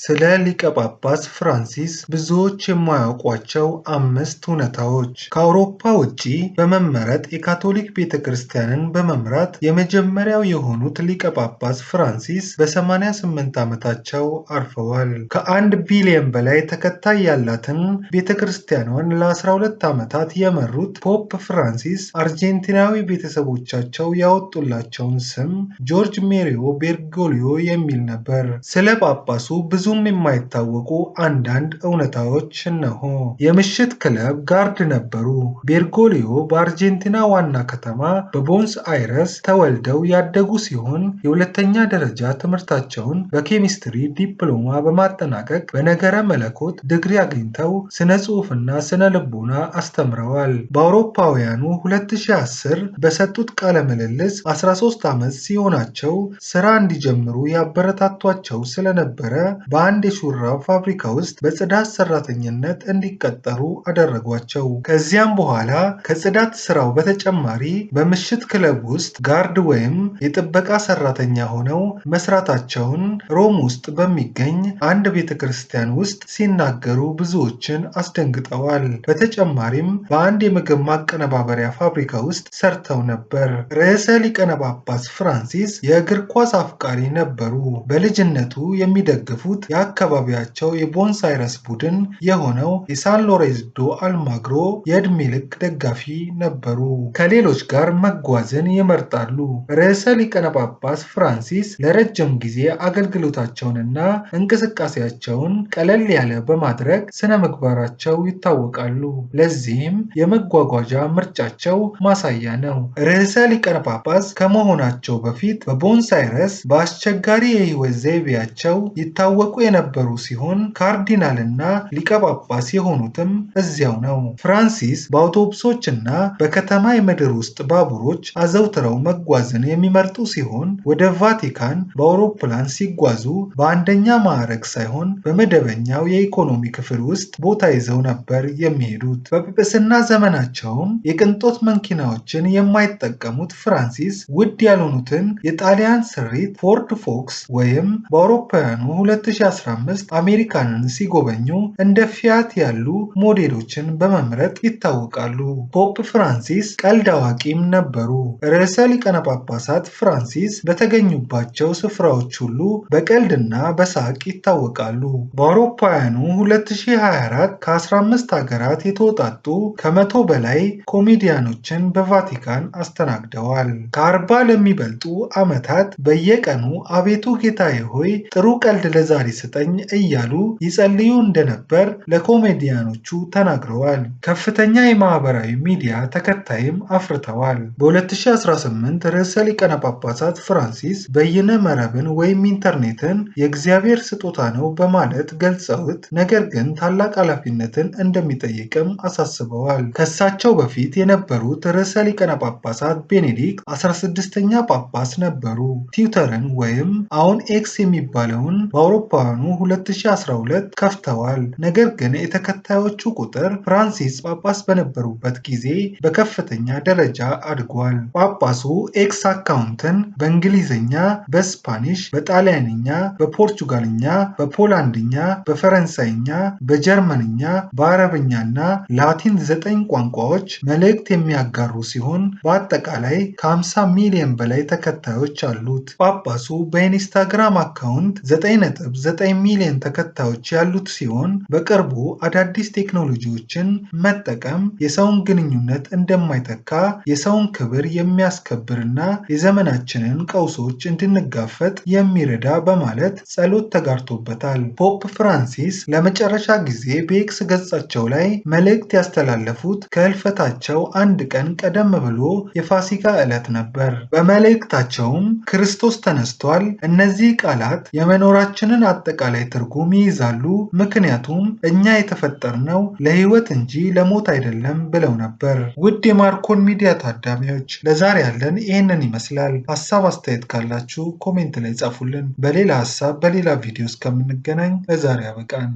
ስለ ሊቀ ጳጳስ ፍራንሲስ ብዙዎች የማያውቋቸው አምስት እውነታዎች። ከአውሮፓ ውጪ በመመረጥ የካቶሊክ ቤተ ክርስቲያንን በመምራት የመጀመሪያው የሆኑት ሊቀ ጳጳስ ፍራንሲስ በ88 ዓመታቸው አርፈዋል። ከአንድ ቢሊየን በላይ ተከታይ ያላትን ቤተ ክርስቲያኗን ለ12 ዓመታት የመሩት ፖፕ ፍራንሲስ አርጀንቲናዊ ቤተሰቦቻቸው ያወጡላቸውን ስም ጆርጅ ሜሪዮ ቤርጎሊዮ የሚል ነበር። ስለ ጳጳሱ ብ ብዙም የማይታወቁ አንዳንድ እውነታዎች እነሆ። የምሽት ክለብ ጋርድ ነበሩ። ቤርጎሊዮ በአርጀንቲና ዋና ከተማ በቦንስ አይረስ ተወልደው ያደጉ ሲሆን የሁለተኛ ደረጃ ትምህርታቸውን በኬሚስትሪ ዲፕሎማ በማጠናቀቅ በነገረ መለኮት ድግሪ አግኝተው ስነ ጽሑፍና ስነ ልቦና አስተምረዋል። በአውሮፓውያኑ 2010 በሰጡት ቃለ ምልልስ 13 ዓመት ሲሆናቸው ስራ እንዲጀምሩ ያበረታቷቸው ስለነበረ በአንድ የሹራብ ፋብሪካ ውስጥ በጽዳት ሰራተኝነት እንዲቀጠሩ አደረጓቸው። ከዚያም በኋላ ከጽዳት ስራው በተጨማሪ በምሽት ክለብ ውስጥ ጋርድ ወይም የጥበቃ ሰራተኛ ሆነው መስራታቸውን ሮም ውስጥ በሚገኝ አንድ ቤተ ክርስቲያን ውስጥ ሲናገሩ ብዙዎችን አስደንግጠዋል። በተጨማሪም በአንድ የምግብ ማቀነባበሪያ ፋብሪካ ውስጥ ሰርተው ነበር። ርዕሰ ሊቀነ ጳጳስ ፍራንሲስ የእግር ኳስ አፍቃሪ ነበሩ። በልጅነቱ የሚደግፉት የአካባቢያቸው የቦንሳይረስ ቡድን የሆነው የሳንሎሬንዞ አልማግሮ የዕድሜ ልክ ደጋፊ ነበሩ። ከሌሎች ጋር መጓዝን ይመርጣሉ። ርዕሰ ሊቀነ ጳጳስ ፍራንሲስ ለረጅም ጊዜ አገልግሎታቸውንና እንቅስቃሴያቸውን ቀለል ያለ በማድረግ ስነ ምግባራቸው ይታወቃሉ። ለዚህም የመጓጓዣ ምርጫቸው ማሳያ ነው። ርዕሰ ሊቀነ ጳጳስ ከመሆናቸው በፊት በቦንሳይረስ በአስቸጋሪ የህይወት ዘይቤያቸው ይታወቁ ይጠበቁ የነበሩ ሲሆን ካርዲናልና ሊቀ ጳጳስ የሆኑትም እዚያው ነው። ፍራንሲስ በአውቶቡሶችና በከተማ የምድር ውስጥ ባቡሮች አዘውትረው መጓዝን የሚመርጡ ሲሆን ወደ ቫቲካን በአውሮፕላን ሲጓዙ በአንደኛ ማዕረግ ሳይሆን በመደበኛው የኢኮኖሚ ክፍል ውስጥ ቦታ ይዘው ነበር የሚሄዱት። በጵጵስና ዘመናቸውም የቅንጦት መኪናዎችን የማይጠቀሙት ፍራንሲስ ውድ ያልሆኑትን የጣሊያን ስሪት ፎርድ ፎክስ ወይም በአውሮፓውያኑ 2015 አሜሪካንን ሲጎበኙ እንደ ፊያት ያሉ ሞዴሎችን በመምረጥ ይታወቃሉ። ፖፕ ፍራንሲስ ቀልድ አዋቂም ነበሩ። ርዕሰ ሊቃነ ጳጳሳት ፍራንሲስ በተገኙባቸው ስፍራዎች ሁሉ በቀልድና በሳቅ ይታወቃሉ። በአውሮፓውያኑ 2024 ከ15 ሀገራት የተውጣጡ ከመቶ በላይ ኮሜዲያኖችን በቫቲካን አስተናግደዋል። ከአርባ ለሚበልጡ ዓመታት በየቀኑ አቤቱ ጌታዬ ሆይ ጥሩ ቀልድ ለዛሬ ስጠኝ እያሉ ይጸልዩ እንደነበር ለኮሜዲያኖቹ ተናግረዋል። ከፍተኛ የማህበራዊ ሚዲያ ተከታይም አፍርተዋል። በ2018 ርዕሰ ሊቀነ ጳጳሳት ፍራንሲስ በይነ መረብን ወይም ኢንተርኔትን የእግዚአብሔር ስጦታ ነው በማለት ገልጸውት ነገር ግን ታላቅ ኃላፊነትን እንደሚጠይቅም አሳስበዋል። ከሳቸው በፊት የነበሩት ርዕሰ ሊቀነ ጳጳሳት ቤኔዲክት 16ኛ ጳጳስ ነበሩ። ትዊተርን ወይም አሁን ኤክስ የሚባለውን በአውሮፓ በአውሮፓውያኑ 2012 ከፍተዋል። ነገር ግን የተከታዮቹ ቁጥር ፍራንሲስ ጳጳስ በነበሩበት ጊዜ በከፍተኛ ደረጃ አድጓል። ጳጳሱ ኤክስ አካውንትን በእንግሊዝኛ፣ በስፓኒሽ፣ በጣሊያንኛ፣ በፖርቹጋልኛ፣ በፖላንድኛ፣ በፈረንሳይኛ፣ በጀርመንኛ፣ በአረብኛና ላቲን ዘጠኝ ቋንቋዎች መልእክት የሚያጋሩ ሲሆን በአጠቃላይ ከ50 ሚሊዮን በላይ ተከታዮች አሉት። ጳጳሱ በኢንስታግራም አካውንት 9 9 ሚሊዮን ተከታዮች ያሉት ሲሆን በቅርቡ አዳዲስ ቴክኖሎጂዎችን መጠቀም የሰውን ግንኙነት እንደማይተካ የሰውን ክብር የሚያስከብርና የዘመናችንን ቀውሶች እንድንጋፈጥ የሚረዳ በማለት ጸሎት ተጋርቶበታል። ፖፕ ፍራንሲስ ለመጨረሻ ጊዜ በኤክስ ገጻቸው ላይ መልእክት ያስተላለፉት ከህልፈታቸው አንድ ቀን ቀደም ብሎ የፋሲካ ዕለት ነበር። በመልእክታቸውም ክርስቶስ ተነስቷል፣ እነዚህ ቃላት የመኖራችንን አጠቃላይ ትርጉም ይይዛሉ። ምክንያቱም እኛ የተፈጠርነው ለህይወት እንጂ ለሞት አይደለም ብለው ነበር። ውድ የማርኮን ሚዲያ ታዳሚዎች ለዛሬ ያለን ይህንን ይመስላል። ሀሳብ አስተያየት ካላችሁ ኮሜንት ላይ ጻፉልን። በሌላ ሀሳብ በሌላ ቪዲዮ እስከምንገናኝ ለዛሬ አበቃን።